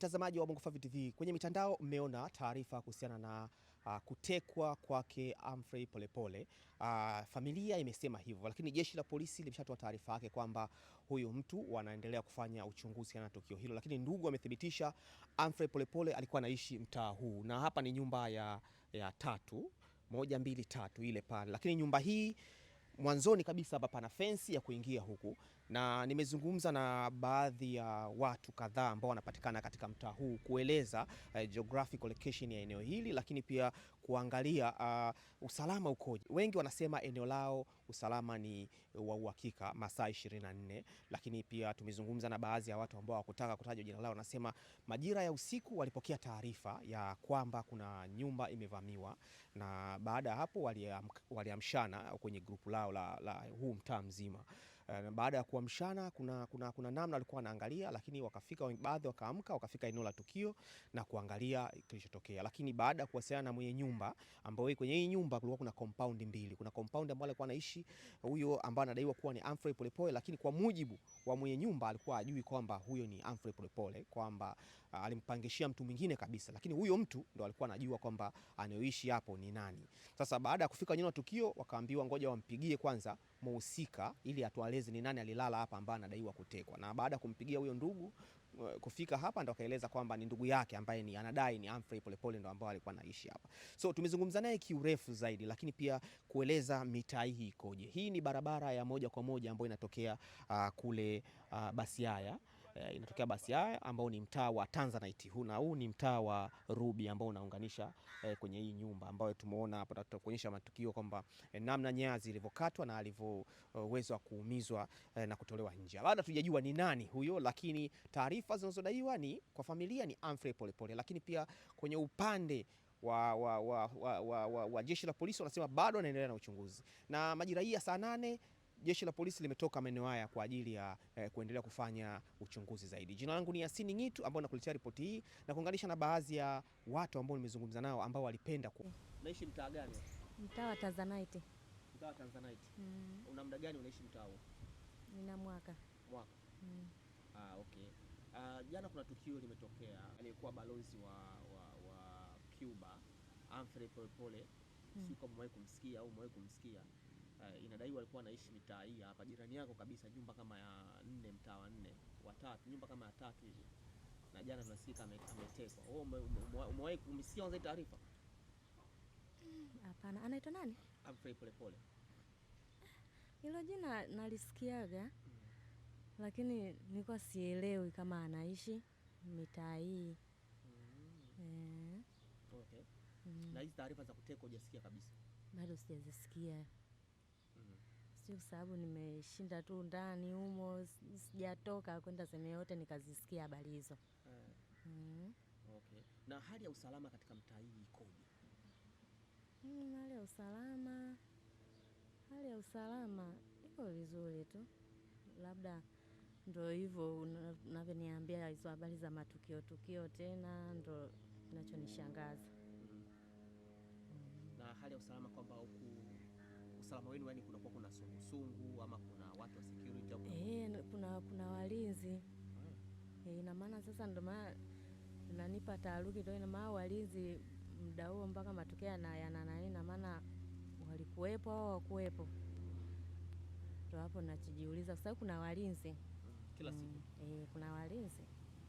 Mtazamaji wa Bongo 5 TV, kwenye mitandao mmeona taarifa kuhusiana na uh, kutekwa kwake Humphrey Polepole. Uh, familia imesema hivyo, lakini jeshi la polisi limeshatoa taarifa yake kwamba huyu mtu wanaendelea kufanya uchunguzi na tukio hilo, lakini ndugu amethibitisha Humphrey Polepole alikuwa anaishi mtaa huu, na hapa ni nyumba ya, ya tatu moja mbili tatu ile pale, lakini nyumba hii mwanzoni kabisa hapa pana fensi ya kuingia huku, na nimezungumza na baadhi ya watu kadhaa ambao wanapatikana katika mtaa huu kueleza uh, geographical location ya eneo hili, lakini pia kuangalia uh, usalama ukoje. Wengi wanasema eneo lao usalama ni eh, wa uhakika masaa 24, lakini pia tumezungumza na baadhi ya watu ambao hawakutaka kutaja jina lao, wanasema majira ya usiku walipokea taarifa ya kwamba kuna nyumba imevamiwa, na baada ya hapo waliamshana wali kwenye grupu lao la, la huu mtaa mzima Eh, na baada ya kuamshana kuna, kuna, kuna namna alikuwa anaangalia, lakini wakafika baadhi wakaamka wakafika eneo la tukio na kuangalia kilichotokea, lakini baada ya kuwasiliana na mwenye nyumba ambaye kwenye hii nyumba kulikuwa kuna compound mbili, kuna compound ambayo alikuwa anaishi huyo ambaye anadaiwa kuwa ni Humphrey Polepole, lakini kwa mujibu wa mwenye nyumba alikuwa ajui kwamba huyo ni Humphrey Polepole, kwamba ah, alimpangishia mtu mwingine kabisa, lakini huyo mtu ndo alikuwa anajua kwamba anayoishi hapo ni nani. Sasa baada ya kufika eneo la tukio, wakaambiwa ngoja wampigie kwanza muhusika ili atueleze ni nani alilala hapa ambaye anadaiwa kutekwa, na baada ya kumpigia huyo ndugu eh, kufika hapa ndo akaeleza kwamba ni ndugu yake ambaye ni anadai ni Humphrey Polepole ndo ambao alikuwa anaishi hapa. So tumezungumza naye kiurefu zaidi, lakini pia kueleza mitaa hii ikoje. Hii ni barabara ya moja kwa moja ambayo inatokea uh, kule uh, Basiaya e, inatokea basi haya ambao ni mtaa wa Tanzanite huu na huu ni mtaa wa Ruby ambao unaunganisha e, kwenye hii nyumba ambayo tumeona hapa, tutakuonyesha matukio kwamba e, namna nyaya zilivyokatwa na alivyoweza kuumizwa e, na kutolewa nje. bado tujajua ni nani huyo, lakini taarifa zinazodaiwa ni kwa familia ni Humphrey Polepole, lakini pia kwenye upande wa, wa, wa, wa, wa, wa, wa jeshi la polisi wanasema bado wanaendelea na uchunguzi na majira hii ya saa nane jeshi la polisi limetoka maeneo haya kwa ajili ya eh, kuendelea kufanya uchunguzi zaidi. Jina langu ni Yasini Ngitu ambao nakuletea ripoti hii na kuunganisha na baadhi ya watu ambao nimezungumza nao ambao walipenda ku... Naishi mtaa gani? Mtaa wa Tanzanite. Mtaa wa Tanzanite. Mm. Una muda gani unaishi mtaa huo? Nina mwaka. Mwaka. Mm. Ah, okay. Ah, jana kuna tukio limetokea, aliyekuwa balozi wa, wa, wa Cuba Humphrey Polepole, mm. si kama umewahi kumsikia au umewahi kumsikia uh, inadaiwa alikuwa anaishi mitaa hii hapa jirani yako kabisa, nyumba kama ya nne, mtaa wa nne watatu, nyumba kama ya tatu hivi, na jana tunasikia ametekwa. Wewe umewahi kumsikia hizo taarifa? Hapana. Anaitwa nani? Humphrey Polepole. Hilo jina nalisikiaga mm, lakini nilikuwa sielewi kama anaishi mitaa hii mm. E. Okay. Mm. Na hizi taarifa za kutekwa hujasikia kabisa? Bado sijazisikia si kwa sababu nimeshinda tu ndani humo, sijatoka kwenda sehemu yote nikazisikia habari hizo yeah. mm. Okay. Na hali ya usalama katika mtaa hii ikoje? Mm, hali ya usalama, hali ya usalama iko vizuri tu, labda ndo hivyo unavyoniambia hizo habari za matukio tukio tena ndo kinachonishangaza. mm. mm. Na hali ya usalama kwamba huku usalama wenu, yani kunakuwa kuna sungusungu ama kuna watu wa security au eh, kuna kuna walinzi hmm. E, ina maana sasa, ndio maana nanipa taharuki, ndio ina maana walinzi muda huo mpaka matokeo na yana na ina maana walikuwepo au hawakuwepo, ndio hapo nachijiuliza, kwa sababu kuna walinzi hmm. kila siku hmm. E, kuna walinzi